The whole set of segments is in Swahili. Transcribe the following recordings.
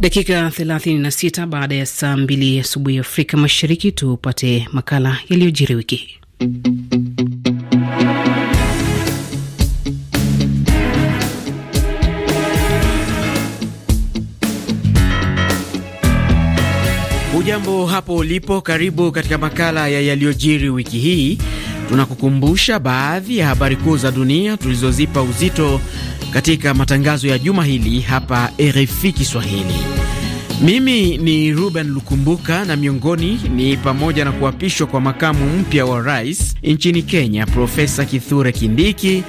Dakika 36 baada ya saa 2 asubuhi ya Afrika Mashariki, tupate makala yaliyojiri wiki hii. ujambo hapo ulipo, karibu katika makala ya yaliyojiri wiki hii tunakukumbusha baadhi ya habari kuu za dunia tulizozipa uzito katika matangazo ya juma hili hapa RFI Kiswahili. Mimi ni Ruben Lukumbuka, na miongoni ni pamoja na kuapishwa kwa makamu mpya wa rais nchini Kenya, Profesa Kithure Kindiki,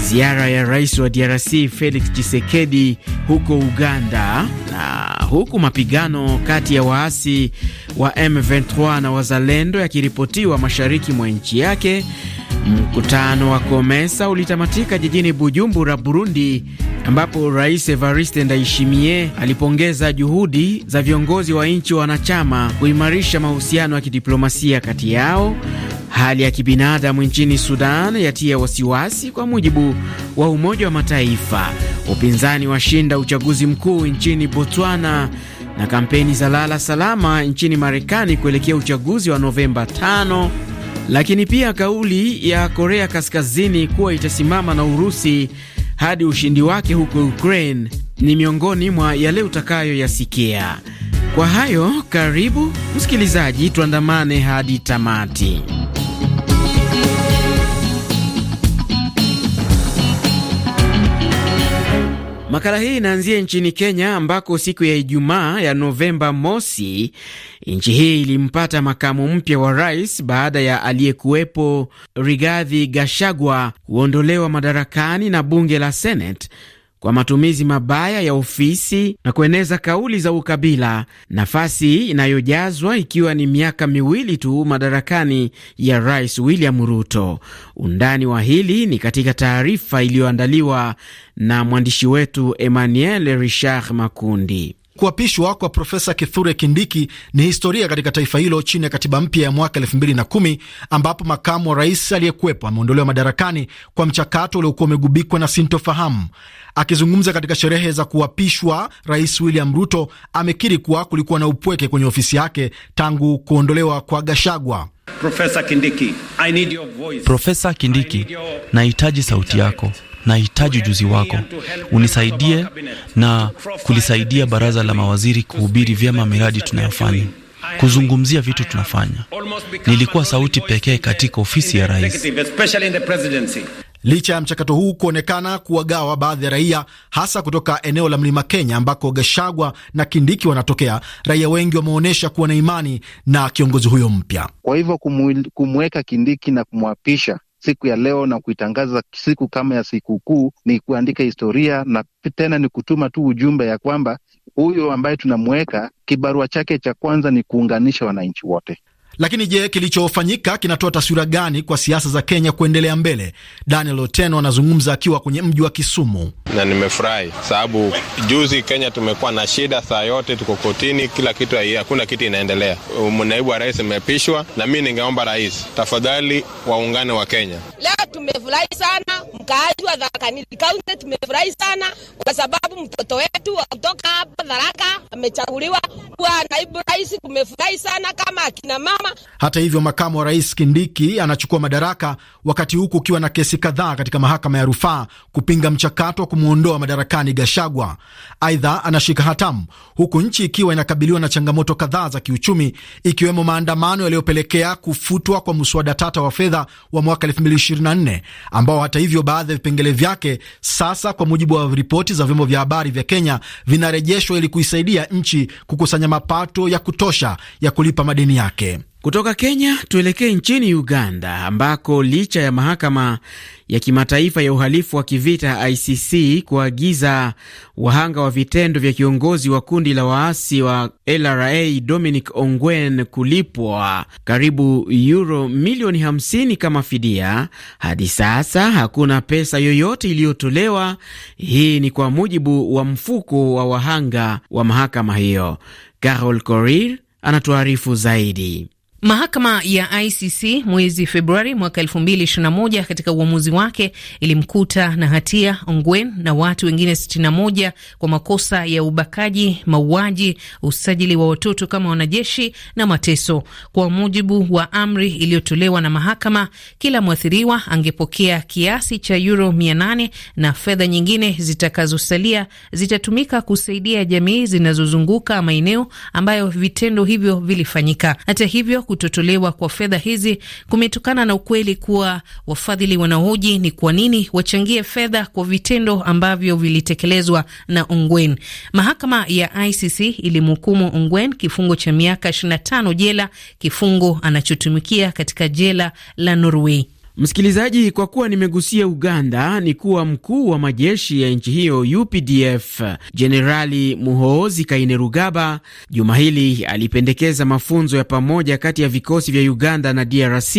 ziara ya rais wa DRC Felix Tshisekedi huko Uganda, na huku mapigano kati ya waasi wa M23 na wazalendo yakiripotiwa mashariki mwa nchi yake. Mkutano wa Komesa ulitamatika jijini Bujumbura, Burundi ambapo Rais Evariste Ndayishimiye alipongeza juhudi za viongozi wa nchi wanachama kuimarisha mahusiano ya kidiplomasia kati yao. Hali ya kibinadamu nchini Sudan yatia wasiwasi, kwa mujibu wa Umoja wa Mataifa. Upinzani washinda uchaguzi mkuu nchini Botswana, na kampeni za lala salama nchini Marekani kuelekea uchaguzi wa Novemba 5. Lakini pia kauli ya Korea Kaskazini kuwa itasimama na Urusi hadi ushindi wake huko Ukraine ni miongoni mwa yale utakayoyasikia. Kwa hayo, karibu msikilizaji, tuandamane hadi tamati. Makala hii inaanzia nchini Kenya ambako siku ya Ijumaa ya Novemba mosi nchi hii ilimpata makamu mpya wa rais baada ya aliyekuwepo Rigathi gashagwa kuondolewa madarakani na bunge la Senate kwa matumizi mabaya ya ofisi na kueneza kauli za ukabila, nafasi inayojazwa ikiwa ni miaka miwili tu madarakani ya Rais William Ruto. Undani wa hili ni katika taarifa iliyoandaliwa na mwandishi wetu Emmanuel Richard Makundi. Kuapishwa kwa Profesa Kithure Kindiki ni historia katika taifa hilo chini ya katiba mpya ya mwaka elfu mbili na kumi ambapo makamu wa rais aliyekuwepo ameondolewa madarakani kwa mchakato uliokuwa umegubikwa na sintofahamu. Akizungumza katika sherehe za kuapishwa, Rais William Ruto amekiri kuwa kulikuwa na upweke kwenye ofisi yake tangu kuondolewa kwa Gashagwa. Profesa Kindiki, Kindiki, nahitaji sauti yako nahitaji ujuzi wako, unisaidie na kulisaidia baraza la mawaziri kuhubiri vyema miradi tunayofanya kuzungumzia vitu tunafanya. Nilikuwa sauti pekee katika ofisi ya rais. Licha ya mchakato huu kuonekana kuwagawa baadhi ya raia, hasa kutoka eneo la mlima Kenya ambako Gashagwa na Kindiki wanatokea, raia wengi wameonyesha kuwa na imani na kiongozi huyo mpya. Kwa hivyo kumweka Kindiki na kumwapisha siku ya leo na kuitangaza siku kama ya sikukuu ni kuandika historia, na tena ni kutuma tu ujumbe ya kwamba huyo ambaye tunamweka kibarua chake cha kwanza ni kuunganisha wananchi wote. Lakini je, kilichofanyika kinatoa taswira gani kwa siasa za Kenya kuendelea mbele? Daniel oteno anazungumza akiwa kwenye mji wa Kisumu. na nimefurahi sababu juzi Kenya tumekuwa na shida saa yote, tuko kotini, kila kitu, hakuna kitu inaendelea. Um, naibu wa rais imepishwa, na mi ningeomba rais tafadhali, waungane wa Kenya. Leo tumefurahi sana, mkaaji wa Tharaka Nithi Kaunti tumefurahi sana kwa sababu mtoto wetu wakutoka kutoka hapa Tharaka amechaguliwa naibu rais kumefurahi sana kama akina mama. Hata hivyo, makamu wa rais Kindiki anachukua madaraka wakati huku ukiwa na kesi kadhaa katika mahakama ya rufaa kupinga mchakato wa kumwondoa madarakani Gashagwa. Aidha, anashika hatamu huku nchi ikiwa inakabiliwa na changamoto kadhaa za kiuchumi, ikiwemo maandamano yaliyopelekea kufutwa kwa mswada tata wa fedha wa mwaka 2024 ambao hata hivyo baadhi ya vipengele vyake sasa, kwa mujibu wa ripoti za vyombo vya habari vya Kenya, vinarejeshwa ili kuisaidia nchi kukusanya mapato ya kutosha ya kulipa madeni yake. Kutoka Kenya tuelekee nchini Uganda ambako licha ya mahakama ya kimataifa ya uhalifu wa kivita ICC kuagiza wahanga wa vitendo vya kiongozi wa kundi la waasi wa LRA Dominic Ongwen kulipwa karibu euro milioni 50 kama fidia, hadi sasa hakuna pesa yoyote iliyotolewa. Hii ni kwa mujibu wa mfuko wa wahanga wa mahakama hiyo. Carol Korir anatuarifu zaidi. Mahakama ya ICC mwezi Februari mwaka moja katika uamuzi wake ilimkuta na hatia Ongwen na watu wengine moja kwa makosa ya ubakaji, mauaji, usajili wa watoto kama wanajeshi na mateso. Kwa mujibu wa amri iliyotolewa na mahakama, kila mwathiriwa angepokea kiasi cha mia nane na fedha nyingine zitakazosalia zitatumika kusaidia jamii zinazozunguka maeneo ambayo vitendo hivyo vilifanyika. Hata hivyo kutotolewa kwa fedha hizi kumetokana na ukweli kuwa wafadhili wanaohoji ni kwa nini wachangie fedha kwa vitendo ambavyo vilitekelezwa na Ongwen. Mahakama ya ICC ilimhukumu Ongwen kifungo cha miaka 25 jela, kifungo anachotumikia katika jela la Norway. Msikilizaji, kwa kuwa nimegusia Uganda, ni kuwa mkuu wa majeshi ya nchi hiyo UPDF Jenerali Muhoozi Kainerugaba juma hili alipendekeza mafunzo ya pamoja kati ya vikosi vya Uganda na DRC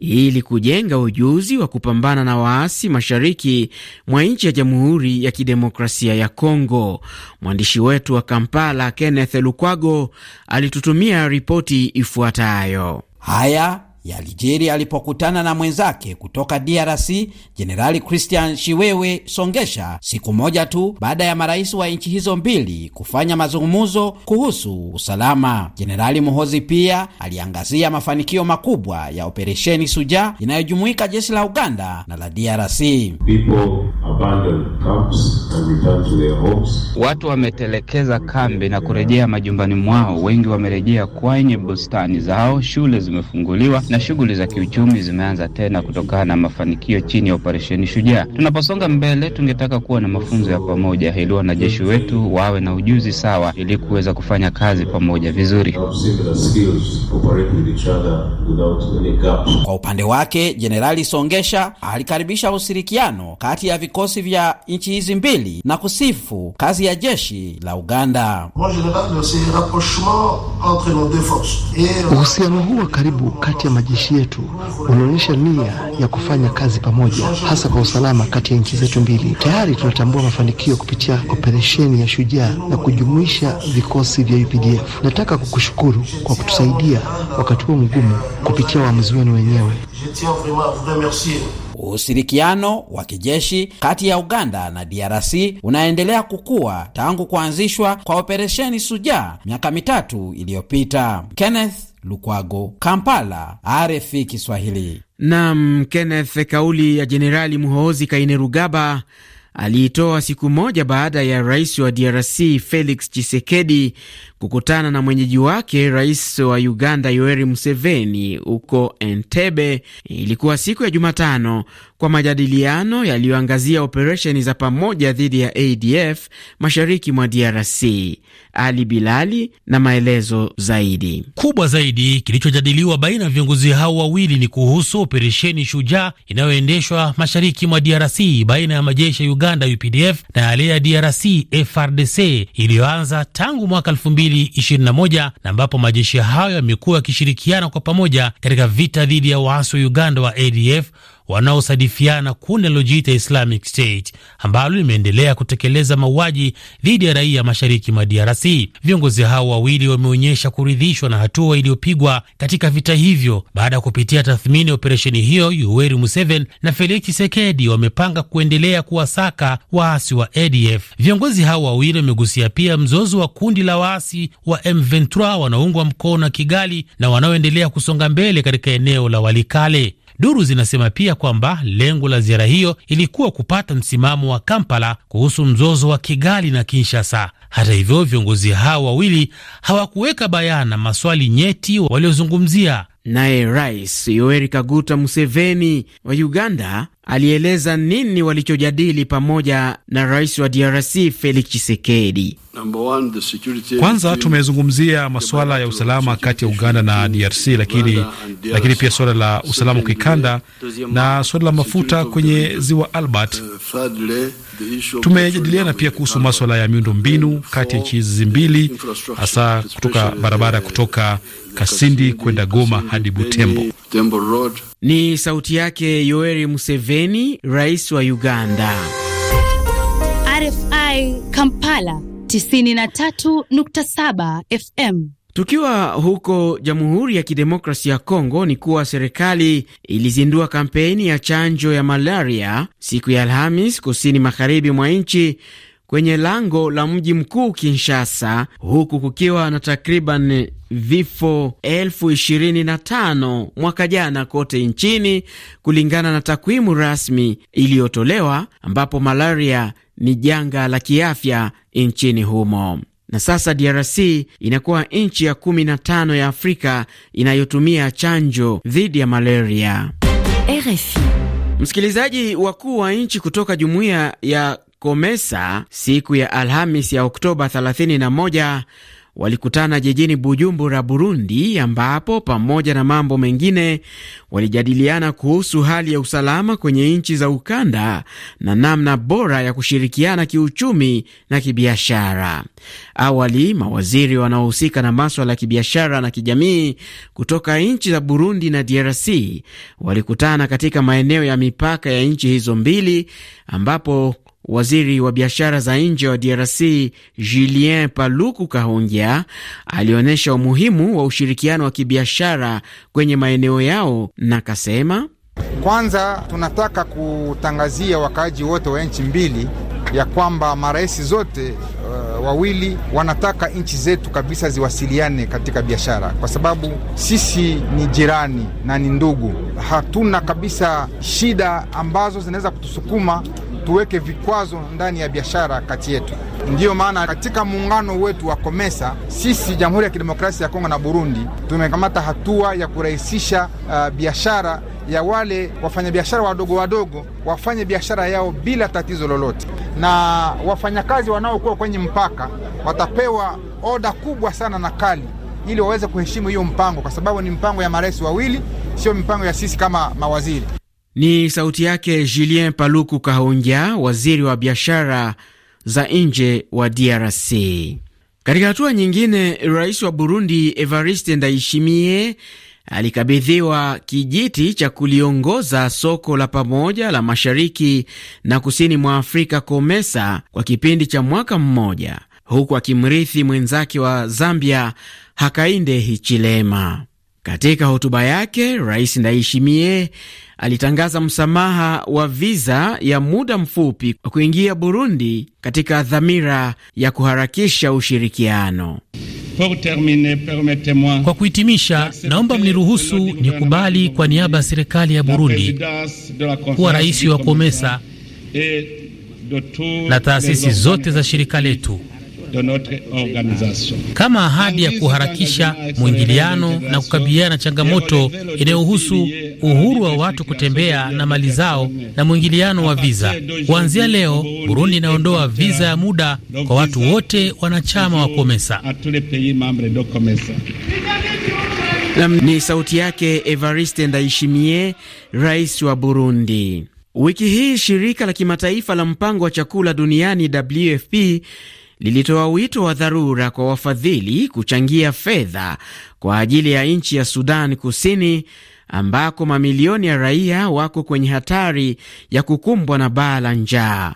ili kujenga ujuzi wa kupambana na waasi mashariki mwa nchi ya Jamhuri ya Kidemokrasia ya Kongo. Mwandishi wetu wa Kampala Kenneth Lukwago alitutumia ripoti ifuatayo. Haya ya alipokutana na mwenzake kutoka DRC Jenerali Christian Shiwewe Songesha, siku moja tu baada ya marais wa nchi hizo mbili kufanya mazungumzo kuhusu usalama. Jenerali Muhozi pia aliangazia mafanikio makubwa ya operesheni Suja inayojumuika jeshi la Uganda na la DRC. Watu wametelekeza kambi na kurejea majumbani mwao, wengi wamerejea kwenye bustani zao, shule zimefunguliwa na shughuli za kiuchumi zimeanza tena kutokana na mafanikio chini ya operesheni Shujaa. Tunaposonga mbele, tungetaka kuwa na mafunzo ya pamoja ili wanajeshi wetu wawe na ujuzi sawa ili kuweza kufanya kazi pamoja vizuri. Kwa upande wake, Jenerali Songesha alikaribisha ushirikiano kati ya vikosi vya nchi hizi mbili na kusifu kazi ya jeshi la Uganda. Uhusiano huu wa karibu kati ya majeshi yetu unaonyesha nia ya kufanya kazi pamoja, hasa kwa usalama kati ya nchi zetu mbili. Tayari tunatambua mafanikio kupitia operesheni ya Shujaa na kujumuisha vikosi vya UPDF. Nataka kukushukuru kwa kutusaidia wakati huo mgumu kupitia waamuzi wenu wenyewe. Ushirikiano wa kijeshi kati ya Uganda na DRC unaendelea kukua tangu kuanzishwa kwa operesheni Shujaa miaka mitatu iliyopita. Kenneth Lukwago, Kampala, RFI Kiswahili. Nam Kenneth, kauli ya Jenerali Muhoozi Kainerugaba aliitoa siku moja baada ya rais wa DRC Felix Tshisekedi kukutana na mwenyeji wake rais wa Uganda Yoweri Museveni huko Entebbe. Ilikuwa siku ya Jumatano kwa majadiliano yaliyoangazia operesheni za pamoja dhidi ya ADF mashariki mwa DRC. Ali Bilali na maelezo zaidi. Kubwa zaidi kilichojadiliwa baina ya viongozi hao wawili ni kuhusu operesheni Shujaa inayoendeshwa mashariki mwa DRC baina ya majeshi ya Uganda UPDF na yale ya DRC FRDC iliyoanza tangu mwaka elfu mbili 2021 na ambapo majeshi hayo yamekuwa yakishirikiana kwa pamoja katika vita dhidi ya waasi wa Uganda wa ADF wanaosadifiana kundi lilojiita Islamic State ambalo limeendelea kutekeleza mauaji dhidi ya raia mashariki mwa DRC. Viongozi hao wawili wameonyesha kuridhishwa na hatua iliyopigwa katika vita hivyo. Baada ya kupitia tathmini ya operesheni hiyo, Yoweri Museveni na Felix chisekedi wamepanga kuendelea kuwasaka waasi wa ADF. Viongozi hao wawili wamegusia pia mzozo wa kundi la waasi wa M23 wanaoungwa mkono na Kigali na wanaoendelea kusonga mbele katika eneo la Walikale. Duru zinasema pia kwamba lengo la ziara hiyo ilikuwa kupata msimamo wa Kampala kuhusu mzozo wa Kigali na Kinshasa. Hata hivyo, viongozi hao wawili hawakuweka bayana maswali nyeti waliozungumzia. Naye Rais Yoweri Kaguta Museveni wa Uganda alieleza nini walichojadili pamoja na rais wa DRC Felix Chisekedi. Kwanza tumezungumzia masuala ya usalama kati ya Uganda na DRC, lakini, lakini pia suala la usalama wa kikanda na suala la mafuta kwenye ziwa Albert. Uh, Tumejadiliana pia kuhusu maswala ya miundo mbinu kati ya nchi hizi mbili, hasa kutoka barabara kutoka Kasindi kwenda Goma hadi Butembo. Ni sauti yake Yoweri Museveni, rais wa Uganda. RFI Kampala 93.7 FM. Tukiwa huko Jamhuri ya Kidemokrasia ya Kongo ni kuwa serikali ilizindua kampeni ya chanjo ya malaria siku ya Alhamis kusini magharibi mwa nchi kwenye lango la mji mkuu Kinshasa, huku kukiwa na takriban vifo elfu ishirini na tano mwaka jana kote nchini, kulingana na takwimu rasmi iliyotolewa, ambapo malaria ni janga la kiafya nchini humo. Na sasa DRC inakuwa nchi ya 15 ya Afrika inayotumia chanjo dhidi ya malaria. RFI. Msikilizaji, wakuu wa nchi kutoka jumuiya ya COMESA siku ya Alhamis ya Oktoba 31 walikutana jijini Bujumbura, Burundi, ambapo pamoja na mambo mengine walijadiliana kuhusu hali ya usalama kwenye nchi za ukanda na namna bora ya kushirikiana kiuchumi na kibiashara. Awali, mawaziri wanaohusika na maswala ya kibiashara na kijamii kutoka nchi za Burundi na DRC walikutana katika maeneo ya mipaka ya nchi hizo mbili ambapo Waziri wa biashara za nje wa DRC Julien Paluku kahungia alionyesha umuhimu wa ushirikiano wa kibiashara kwenye maeneo yao na kasema, kwanza tunataka kutangazia wakaaji wote wa nchi mbili ya kwamba marais zote uh, wawili wanataka nchi zetu kabisa ziwasiliane katika biashara, kwa sababu sisi ni jirani na ni ndugu. Hatuna kabisa shida ambazo zinaweza kutusukuma tuweke vikwazo ndani ya biashara kati yetu. Ndiyo maana katika muungano wetu wa Komesa, sisi Jamhuri ya Kidemokrasia ya Kongo na Burundi tumekamata hatua ya kurahisisha uh, biashara ya wale wafanyabiashara wadogo wadogo wafanye biashara yao bila tatizo lolote, na wafanyakazi wanaokuwa kwenye mpaka watapewa oda kubwa sana na kali ili waweze kuheshimu hiyo mpango, kwa sababu ni mpango ya marais wawili, sio mipango ya sisi kama mawaziri. Ni sauti yake Julien Paluku Kahongya, waziri wa biashara za nje wa DRC. Katika hatua nyingine, rais wa Burundi Evariste Ndayishimiye alikabidhiwa kijiti cha kuliongoza soko la pamoja la mashariki na kusini mwa Afrika, COMESA, kwa kipindi cha mwaka mmoja, huku akimrithi mwenzake wa Zambia Hakainde Hichilema. Katika hotuba yake, rais Ndayishimiye alitangaza msamaha wa viza ya muda mfupi wa kuingia Burundi katika dhamira ya kuharakisha ushirikiano. Kwa kuhitimisha, naomba mniruhusu nikubali kwa niaba ya serikali ya Burundi kuwa rais wa COMESA na taasisi zote za shirika letu kama ahadi ya kuharakisha mwingiliano na kukabiliana na changamoto inayohusu uhuru wa watu kutembea na mali zao na mwingiliano wa viza. Kuanzia leo, Burundi inaondoa viza ya muda kwa watu wote wanachama wa Komesa. Ni sauti yake Evariste Ndayishimiye, rais wa Burundi. Wiki hii shirika la kimataifa la mpango wa chakula duniani WFP lilitoa wito wa dharura kwa wafadhili kuchangia fedha kwa ajili ya nchi ya Sudan Kusini ambako mamilioni ya raia wako kwenye hatari ya kukumbwa na baa la njaa.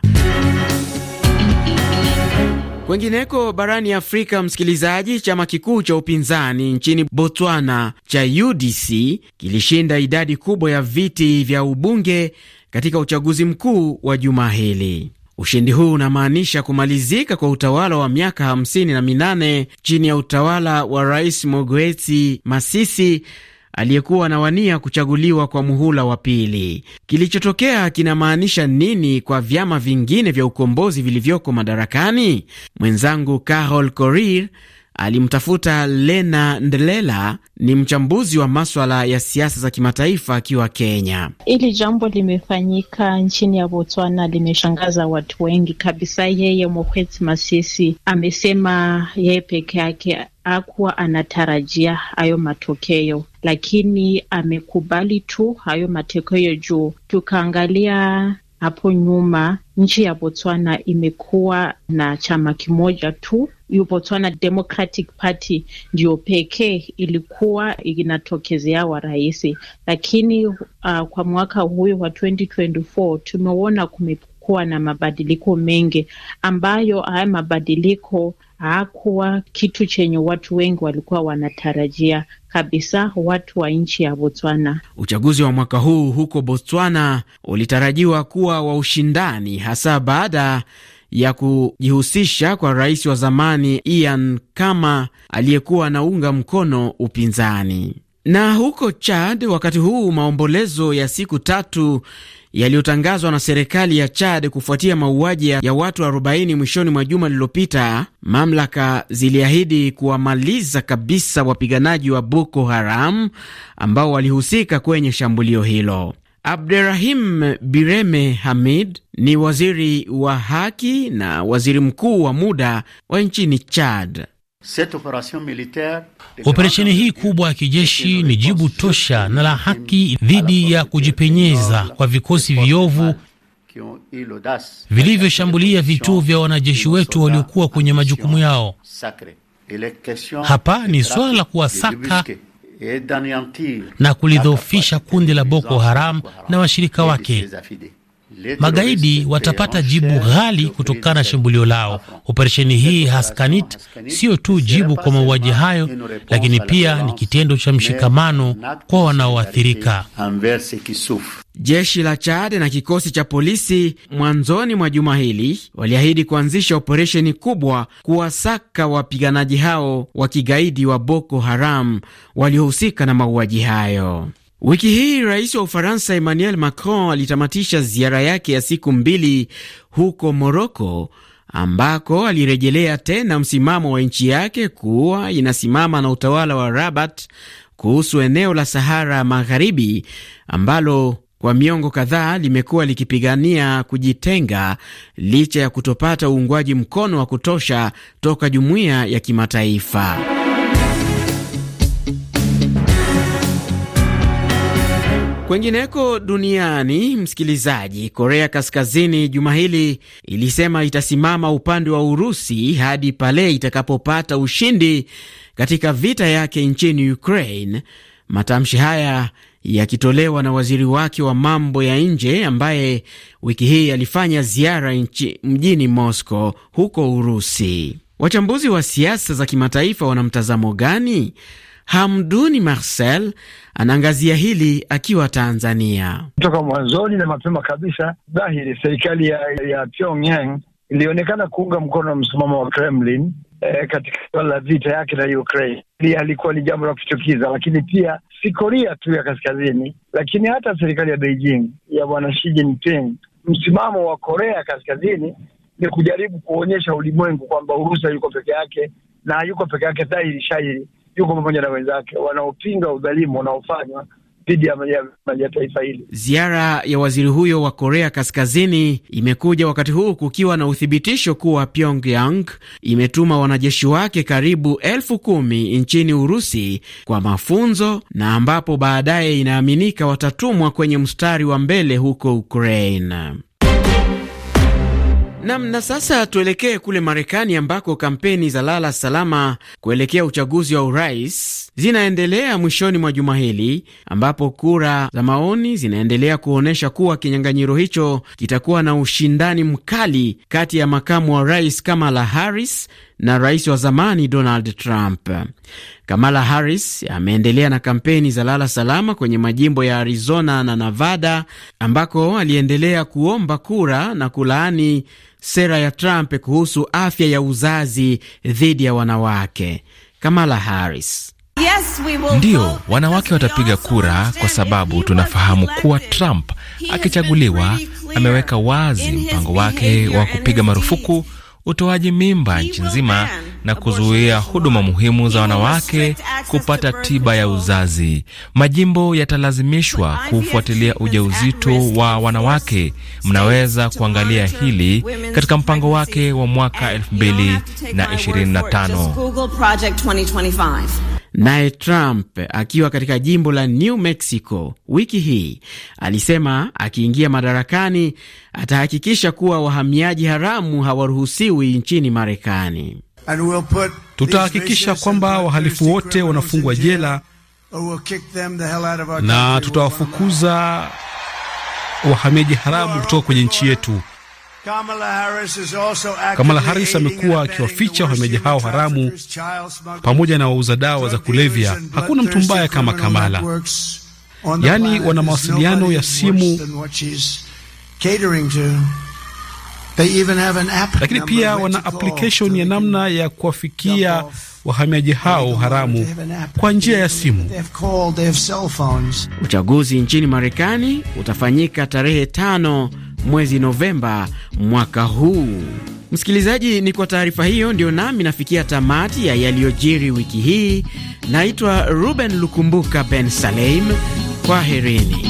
Kwengineko barani Afrika, msikilizaji, chama kikuu cha upinzani nchini Botswana cha UDC kilishinda idadi kubwa ya viti vya ubunge katika uchaguzi mkuu wa juma hili. Ushindi huu unamaanisha kumalizika kwa utawala wa miaka 58 chini ya utawala wa Rais Mogwetsi Masisi aliyekuwa anawania kuchaguliwa kwa muhula wa pili. Kilichotokea kinamaanisha nini kwa vyama vingine vya ukombozi vilivyoko madarakani? Mwenzangu Carol Korir alimtafuta Lena Ndelela, ni mchambuzi wa maswala ya siasa za kimataifa akiwa Kenya. Hili jambo limefanyika nchini ya Botswana limeshangaza watu wengi kabisa. Yeye Mokgweetsi Masisi amesema yeye peke yake akuwa anatarajia hayo matokeo, lakini amekubali tu hayo matokeo juu tukaangalia hapo nyuma nchi ya Botswana imekuwa na chama kimoja tu. Botswana Democratic Party ndio pekee ilikuwa inatokezea wa rahisi lakini uh, kwa mwaka huyo wa 2024 tumeona kumep kumekuwa na mabadiliko mengi ambayo haya mabadiliko hakuwa kitu chenye watu wengi walikuwa wanatarajia kabisa, watu wa nchi ya Botswana. Uchaguzi wa mwaka huu huko Botswana ulitarajiwa kuwa wa ushindani, hasa baada ya kujihusisha kwa rais wa zamani Ian Kama aliyekuwa anaunga mkono upinzani. Na huko Chad, wakati huu maombolezo ya siku tatu yaliyotangazwa na serikali ya Chad kufuatia mauaji ya watu 40 mwishoni mwa juma lililopita, mamlaka ziliahidi kuwamaliza kabisa wapiganaji wa Boko Haram ambao walihusika kwenye shambulio hilo. Abderahim Bireme Hamid ni waziri wa haki na waziri mkuu wa muda wa nchini Chad. Operesheni hii kubwa ya kijeshi ni jibu tosha na la haki dhidi ya kujipenyeza kwa vikosi viovu vilivyoshambulia vituo vya wanajeshi wetu waliokuwa kwenye majukumu yao. Hapa ni swala la kuwasaka na kulidhoofisha kundi la Boko Haram na washirika wake. Magaidi watapata jibu ghali kutokana na shambulio lao. Operesheni hii Haskanit sio tu jibu kwa mauaji hayo, lakini pia ni kitendo cha mshikamano kwa wanaoathirika. Jeshi la Chad na kikosi cha polisi mwanzoni mwa juma hili waliahidi kuanzisha operesheni kubwa kuwasaka wapiganaji hao wa kigaidi wa Boko Haram waliohusika na mauaji hayo. Wiki hii rais wa Ufaransa Emmanuel Macron alitamatisha ziara yake ya siku mbili huko Moroko ambako alirejelea tena msimamo wa nchi yake kuwa inasimama na utawala wa Rabat kuhusu eneo la Sahara Magharibi ambalo kwa miongo kadhaa limekuwa likipigania kujitenga licha ya kutopata uungwaji mkono wa kutosha toka jumuiya ya kimataifa. Kwengineko duniani, msikilizaji, Korea Kaskazini juma hili ilisema itasimama upande wa Urusi hadi pale itakapopata ushindi katika vita yake nchini Ukraine. Matamshi haya yakitolewa na waziri wake wa mambo ya nje ambaye wiki hii alifanya ziara nchi mjini Moscow huko Urusi. Wachambuzi wa siasa za kimataifa wana mtazamo gani? Hamduni Marcel anaangazia hili akiwa Tanzania. Toka mwanzoni na mapema kabisa, dhahiri serikali ya, ya Pyongyang ilionekana kuunga mkono msimamo wa Kremlin e, katika suala la vita yake na Ukraine. Hili alikuwa ni jambo la kushtukiza, lakini pia si Korea tu ya kaskazini, lakini hata serikali ya Beijing ya bwana Xi Jinping. Msimamo wa Korea kaskazini ni kujaribu kuonyesha ulimwengu kwamba Urusi yuko peke yake na yuko peke yake dhahiri shahiri yuko pamoja na wenzake wanaopinga udhalimu unaofanywa dhidi ya taifa hili. Ziara ya waziri huyo wa Korea Kaskazini imekuja wakati huu kukiwa na uthibitisho kuwa Pyongyang imetuma wanajeshi wake karibu elfu kumi nchini Urusi kwa mafunzo na ambapo baadaye inaaminika watatumwa kwenye mstari wa mbele huko Ukraine. Nam, na sasa tuelekee kule Marekani ambako kampeni za lala salama kuelekea uchaguzi wa urais zinaendelea mwishoni mwa juma hili, ambapo kura za maoni zinaendelea kuonyesha kuwa kinyang'anyiro hicho kitakuwa na ushindani mkali kati ya makamu wa rais Kamala Harris na rais wa zamani Donald Trump. Kamala Harris ameendelea na kampeni za lala salama kwenye majimbo ya Arizona na Nevada ambako aliendelea kuomba kura na kulaani sera ya Trump kuhusu afya ya uzazi dhidi ya wanawake. Kamala Harris: Ndiyo, wanawake watapiga kura kwa sababu tunafahamu kuwa Trump akichaguliwa ameweka wazi mpango wake wa kupiga marufuku utoaji mimba nchi nzima na kuzuia huduma muhimu za wanawake kupata tiba ya uzazi. Majimbo yatalazimishwa kufuatilia ujauzito wa wanawake. Mnaweza kuangalia hili katika mpango wake wa mwaka 2025. Naye Trump akiwa katika jimbo la New Mexico wiki hii alisema akiingia madarakani atahakikisha kuwa wahamiaji haramu hawaruhusiwi nchini Marekani. Tutahakikisha kwamba wahalifu wote wanafungwa jela na tutawafukuza wahamiaji haramu kutoka kwenye nchi yetu. Kamala Harris amekuwa akiwaficha wahamiaji hao haramu pamoja na wauza dawa za kulevya. Hakuna mtu mbaya kama Kamala, yaani wana mawasiliano ya simu, lakini pia wana application ya namna ya kuwafikia wahamiaji hao haramu kwa njia ya simu. Uchaguzi nchini Marekani utafanyika tarehe tano mwezi Novemba mwaka huu. Msikilizaji, ni kwa taarifa hiyo ndio nami nafikia tamati ya yaliyojiri wiki hii. Naitwa Ruben Lukumbuka Ben Saleim, kwa herini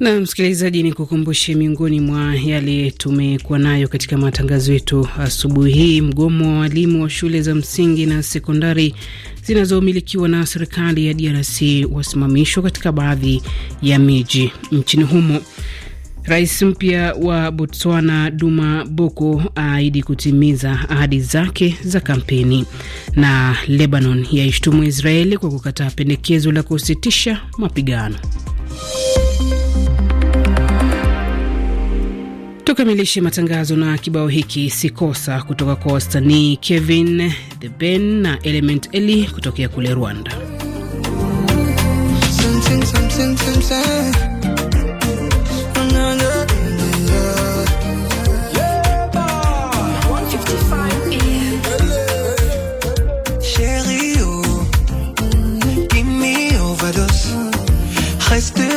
Na msikilizaji, ni kukumbushe miongoni mwa yale tumekuwa nayo katika matangazo yetu asubuhi hii: mgomo wa walimu wa shule za msingi na sekondari zinazomilikiwa na serikali ya DRC wasimamishwa katika baadhi ya miji nchini humo. Rais mpya wa Botswana Duma Boko aahidi kutimiza ahadi zake za kampeni, na Lebanon yaishtumu Israeli kwa kukataa pendekezo la kusitisha mapigano. Tukamilishe matangazo na kibao hiki sikosa kutoka kwa wasanii Kevin The Ben na Element Eli kutokea kule Rwanda. something, something, something.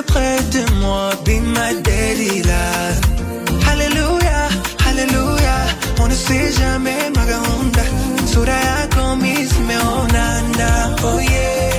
près de moi, be my daddy love. Honestly, jamais magaunda, sura yako mi simeona na oh yeah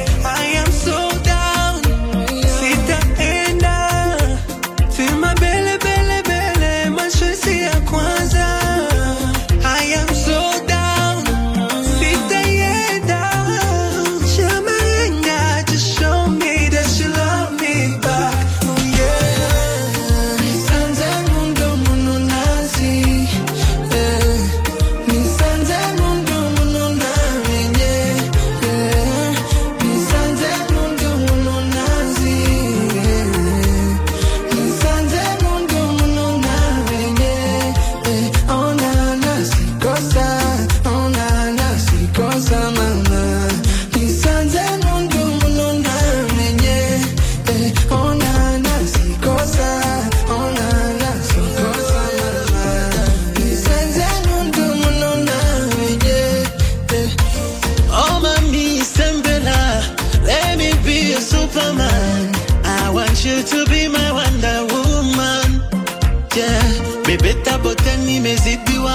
Bebeta bote nimezidiwa,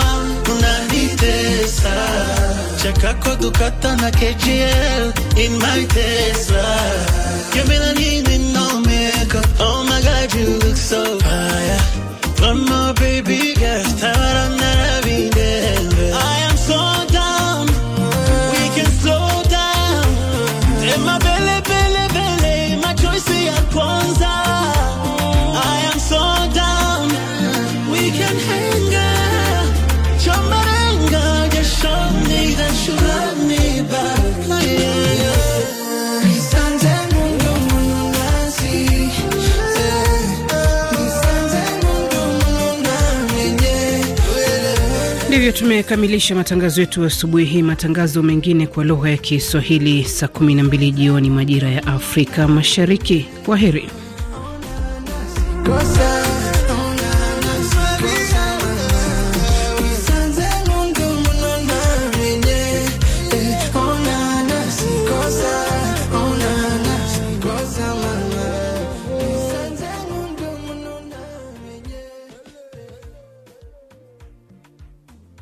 unanitesa chakako dukata na KGL in my Tesla. Give me no makeup. Oh my God, you look so fire. One more baby girl, time I'm not huyo tumekamilisha matangazo yetu asubuhi hii. Matangazo mengine kwa lugha ya Kiswahili saa 12 jioni majira ya Afrika Mashariki. Kwa heri.